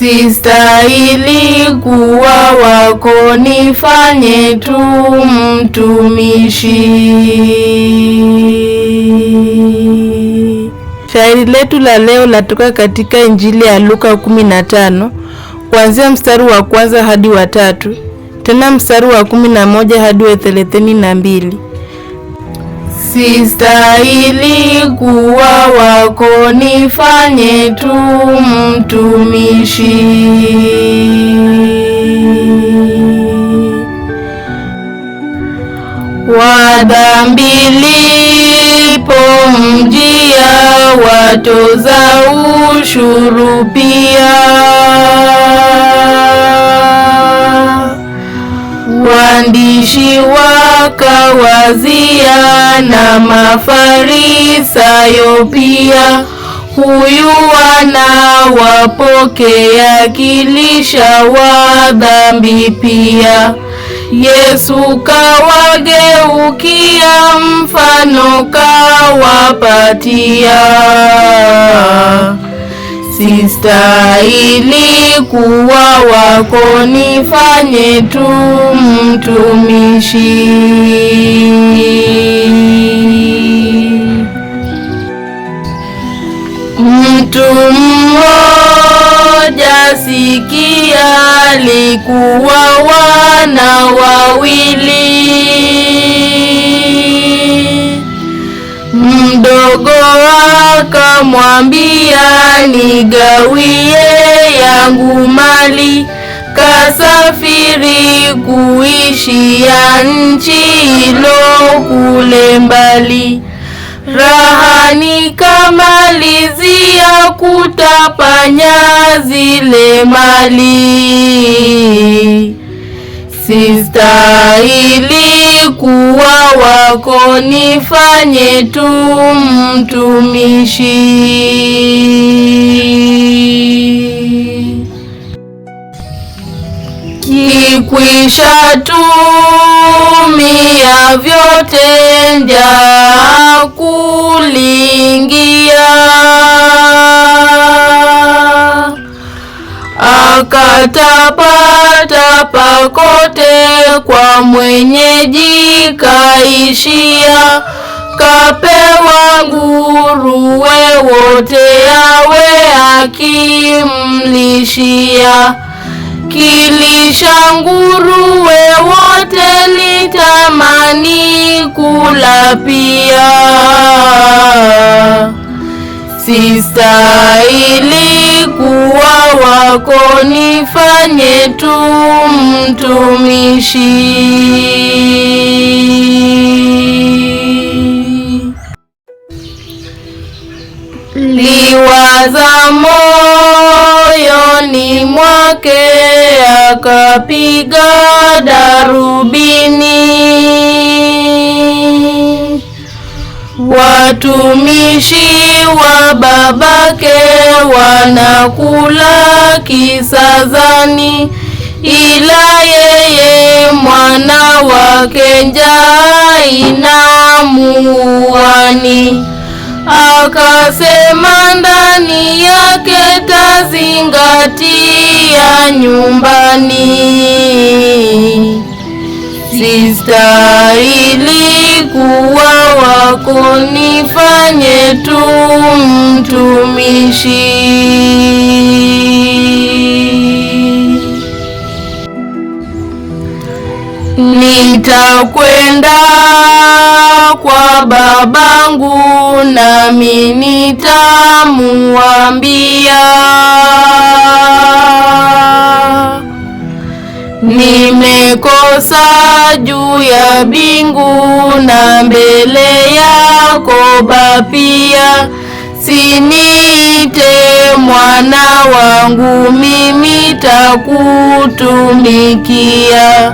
Sistahili kuwa wako, nifanye tu mtumishi. Shairi letu la leo latoka katika Injili ya Luka 15 kuanzia mstari wa kwanza hadi wa tatu, tena mstari wa 11 hadi wa mbili. Sistahili kuwa wako, nifanye tu mtumishi. Wa dhambi ilipomjia, watoza ushuru pia waandishi wa wakawazia na Mafarisayo pia, huyu anawapokea kilisha wa dhambi pia. Yesu kawageukia, mfano kawapatia sistahili kuwa wako, nifanye tu mtumishi. Mtu mmoja sikia, alikuwa wana wawili Mdogo akamwambia, nigawie yangu mali. Kasafiri kuishi ya nchi ilo kule mbali. Raha nikamalizia kutapanya zile mali sistahili kuwa wako, nifanye tu mtumishi. Kikwisha tumia vyote, nja kulingia akatapata pakote, kwa mwenyeji kaishia, kapewa nguruwe wote, awe akimlishia. Kilisha nguruwe wote, litamani kula pia sistahili kuwa wako, nifanye tu mtumishi. Liwaza moyoni mwake, akapiga darubini Watumishi wa babake wanakula kisazani, ila yeye mwana wake njaa inamuuani. Akasema ndani yake tazingatia nyumbani sistahili kuwa wako, nifanye tu mtumishi. Nitakwenda kwa babangu, nami nitamuambia Nimekosa juu ya bingu na mbele yako Bapia, siniite mwana wangu, mimi takutumikia.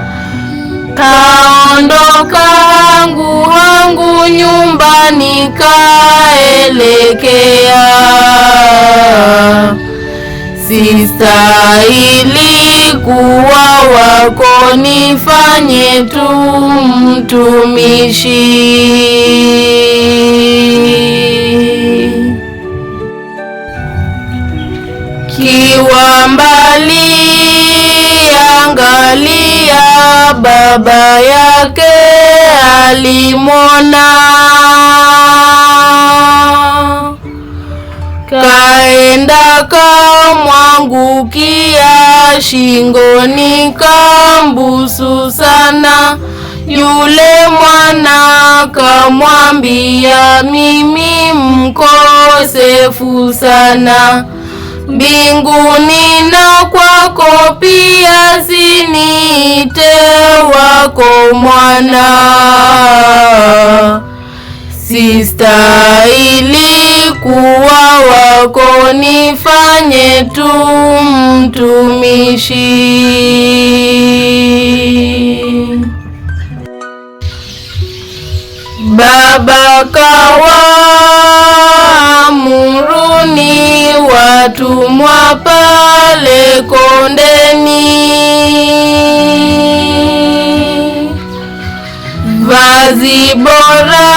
Kaondoka hangu hangu nyumbani, kaelekea sistahili kuwa wako, nifanye tu mtumishi. Kiwa mbali angalia, baba yake alimwona. kamwangukia shingoni, kambusu sana. Yule mwana kamwambia, mimi mkosefu sana, mbinguni na kwako pia, siniite wako mwana, sistahili kuwa wako, nifanye tu mtumishi. Baba kawaamuruni watumwa pale kondeni, vazi bora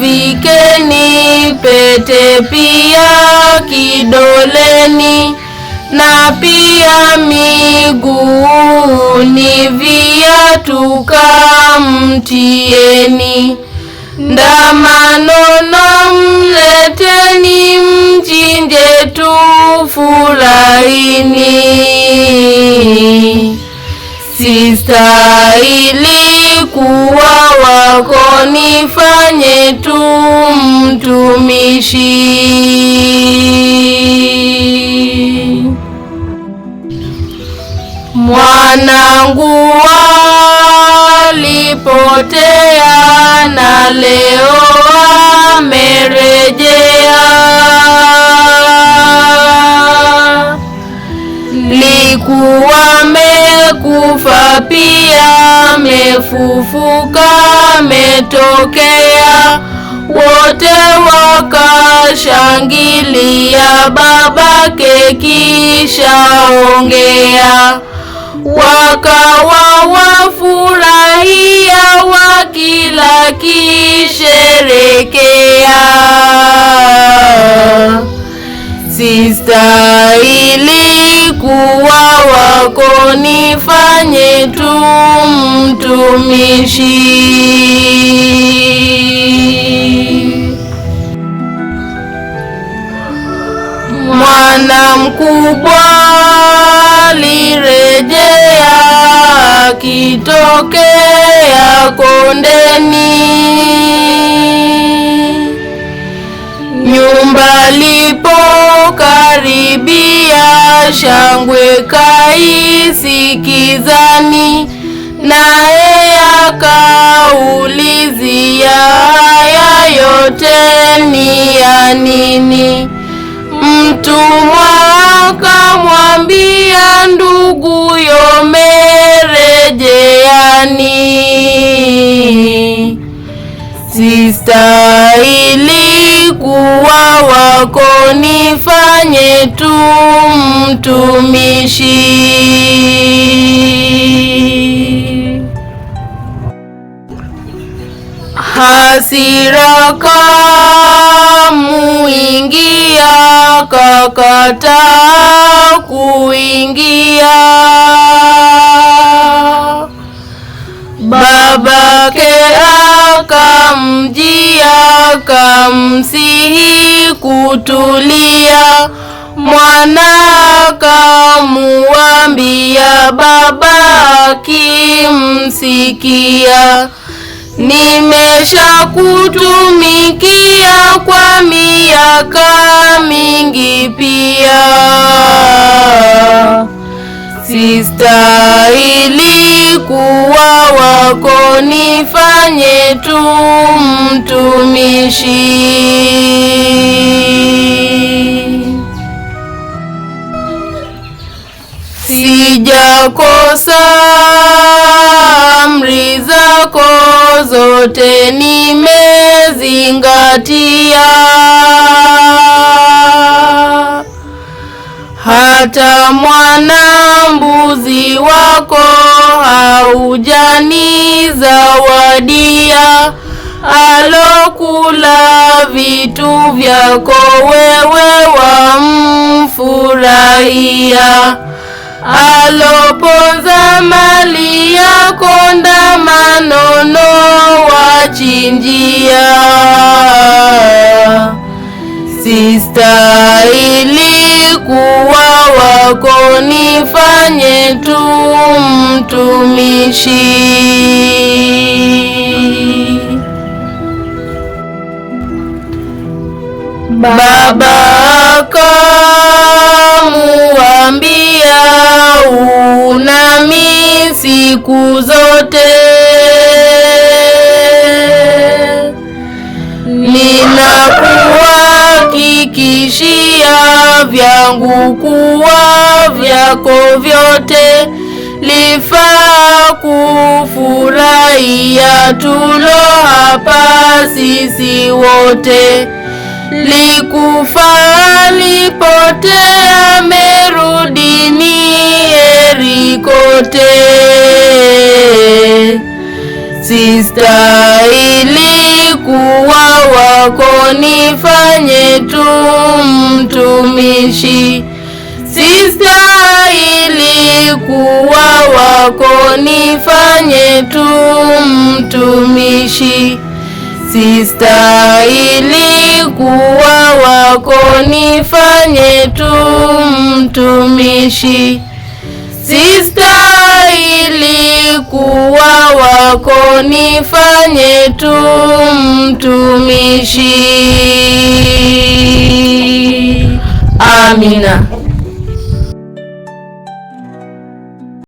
Vikeni pete pia kidoleni na pia miguuni, viatu kamtieni. Ndamanono mleteni, mchinje tufurahini sistahili kuwa wako, nifanye tu mtumishi. Mwanangu alipotea na leo amerejea, likuwa amekufa pia, amefufuka ametokea. Wote wakashangilia, babake kishaongea, wakawa wafurahia, wakila kisherekea. Sistahili kuwa wako nifanye tu mtumishi. Mwana mkubwa alirejea akitokea kondeni lipo karibia shangwe kaisikizani, naye akaulizia, haya yote ni ya nini? Mtumwa akamwambia, ndugu yomerejeani sistahili kuwa wako nifanye tu mtumishi. Hasira kamuingia, kakataa kuingia. Babake aka mjia kamsihi kutulia, mwana kamuambia baba kimsikia, kutumikia kwa miaka mingi pia, sistahili kuwa wako nifanye tu mtumishi. Sijakosa amri zako zote nimezingatia. hata mwana mbuzi wako zawadia alokula vitu vyako wewe wamfurahia, aloponza mali yako ndama nono wachinjia sistahili kuwa wako, nifanye tu mtumishi. Baba yako muambia, unami siku zote, ninakuwa vyangu kuwa vyako vyote, lifaa kufurahia tulo hapa sisi wote. likufa lipotea amerudi ni heri kote. Sistahili kuwa wako nifanye tu mtumishi, sistahili kuwa wako nifanye tu mtumishi, sistahili kuwa wako nifanye tu mtumishi Sista kuwa wako, nifanye tu mtumishi. Amina.